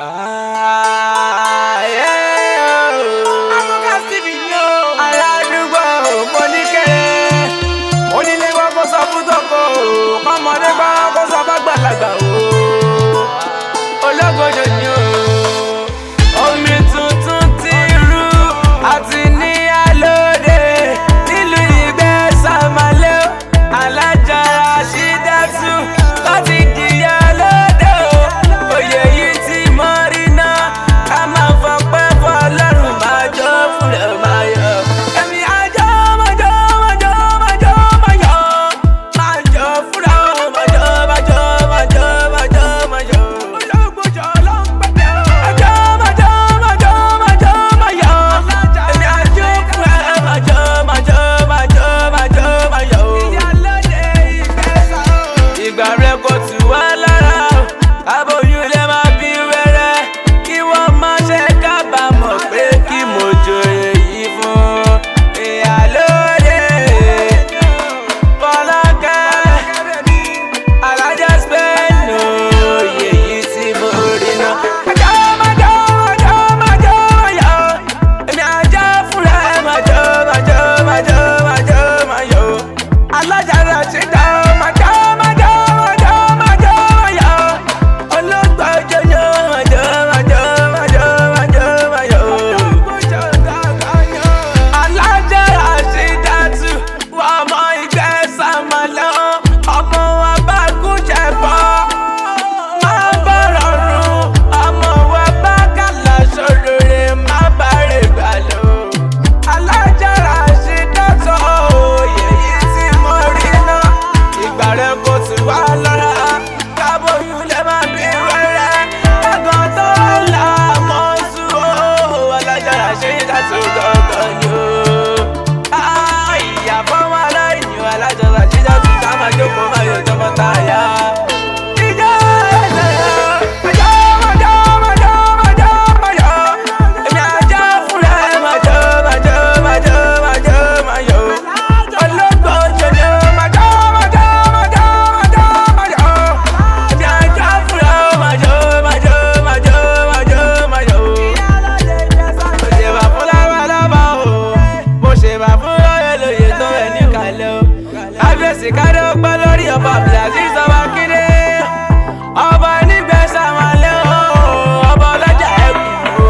Ah. 来，谁家走狗？àṣìkárẹ́ ọgbọ́n lórí ọba abdulaziz ọba kíndé ọba nígbẹ̀sà wọn lé o ọba ọlọ́jà ẹ̀kú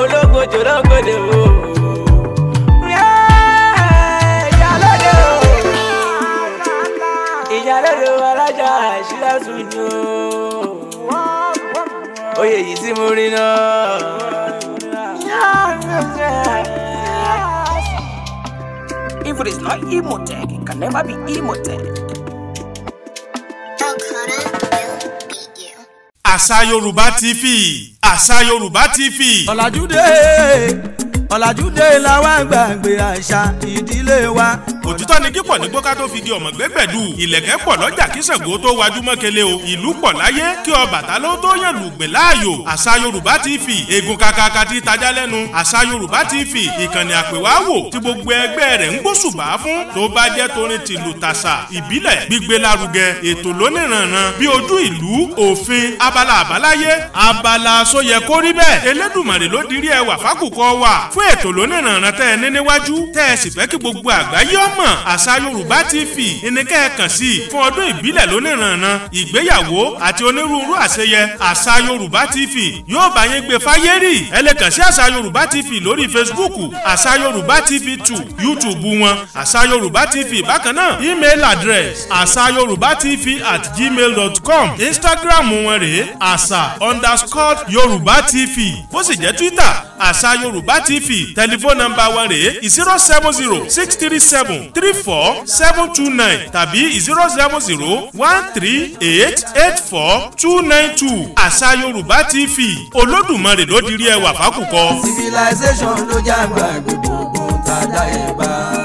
o ológun jòlógòdè o. ìyálóde o ìyálóde o alájà àṣìlẹ̀ sùn ni o oyè yìí tí mo rí náà. If it is not Emotech, it can never be Emotech. àṣà yorùbá tv àṣà yorùbá tv. ọ̀làjúdé ọ̀làjúdé làwọn àgbààgbé àṣà yìí ilé wa. òtítọ́ ni kíkọ̀ ní gbọ́ká tó fi di ọmọ gbẹ́gbẹ̀dù ìlẹ̀kẹ̀ pọ̀ lọ́jà kí Ṣàngó tó wájú mọ́kẹ́lẹ́ o ìlú pọ̀ láyé kí Ọbàtálá ó tó yàn lùgbẹ̀ láàyò àṣà Yorùbá TV egun kakaka ti tajà lẹ́nu àṣà Yorùbá TV ìkànnì àpèwáwò tí gbogbo ẹgbẹ́ rẹ̀ ń gbóṣùbà fún tó bá jẹ́ torin tìlù tàṣà ìbílẹ̀ gbígbé lárugẹ ètò lóníranran bí ojú abala àbáláyé abala sóyẹ kórí bẹ́ẹ̀ elédùnmarè ló dirí ẹwà fákùkọ wà fún ètò lóníranran tẹ́ ẹ ní níwájú tẹ́ ẹ sì fẹ́ gbogbo àgbáyé ọmọ àṣà Yorùbá TV ìníkẹ́ ẹ kàn sí fún ọdún ìbílẹ̀ lóníranran ìgbéyàwó àti onírúurú àṣeyẹ àṣà Yorùbá TV yóò bá yín gbé fáyé rì ẹ àṣà Yorùbá TV lórí Facebook àṣà Yorùbá TV two YouTube wọn àṣà Yorùbá TV bákan náà email address àṣà Yorùbá TV at gmail dot com Instagram wọn rèé àṣà underscore Yorùbá TV bó sì jẹ́ Twitter àṣà yorùbá tv tẹlifóònù nọ́mbà wa rèé zero seven zero six three seven three four seven two nine tàbí zero seven zero one three eight eight four two nine two àṣà yorùbá tv olódùmarè ló dirí ẹwà fákùkọ. civilization ló jà gbàgbé gbogbo tàdá ẹ̀ bá.